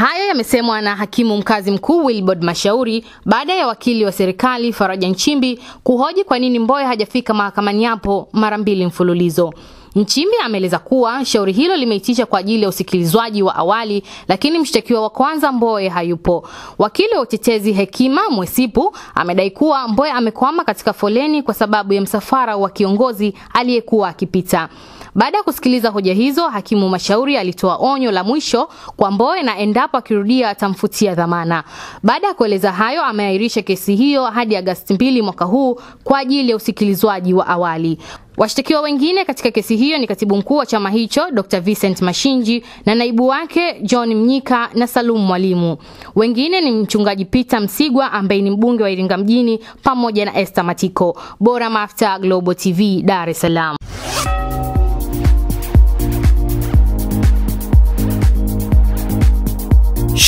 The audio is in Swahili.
Hayo yamesemwa na hakimu mkazi mkuu wilbod Mashauri baada ya wakili wa serikali Faraja Nchimbi kuhoji kwa nini Mboya hajafika mahakamani hapo mara mbili mfululizo. Nchimbi ameeleza kuwa shauri hilo limeitisha kwa ajili ya usikilizwaji wa awali, lakini mshtakiwa wa kwanza mboye hayupo. Wakili wa utetezi Hekima Mwesipu amedai kuwa Mboye amekwama katika foleni kwa sababu ya msafara wa kiongozi aliyekuwa akipita. Baada ya kusikiliza hoja hizo, hakimu mashauri alitoa onyo la mwisho kwa Mboye na endapo akirudia atamfutia dhamana. Baada ya kueleza hayo, ameahirisha kesi hiyo hadi Agosti mbili mwaka huu kwa ajili ya usikilizwaji wa awali. Washtakiwa wengine katika kesi hiyo ni katibu mkuu wa chama hicho Dr. Vincent Mashinji na naibu wake John Mnyika na Salum Mwalimu. Wengine ni mchungaji Peter Msigwa ambaye ni mbunge wa Iringa mjini pamoja na Esther Matiko. Bora Mafta, Global TV, Dar es Salaam.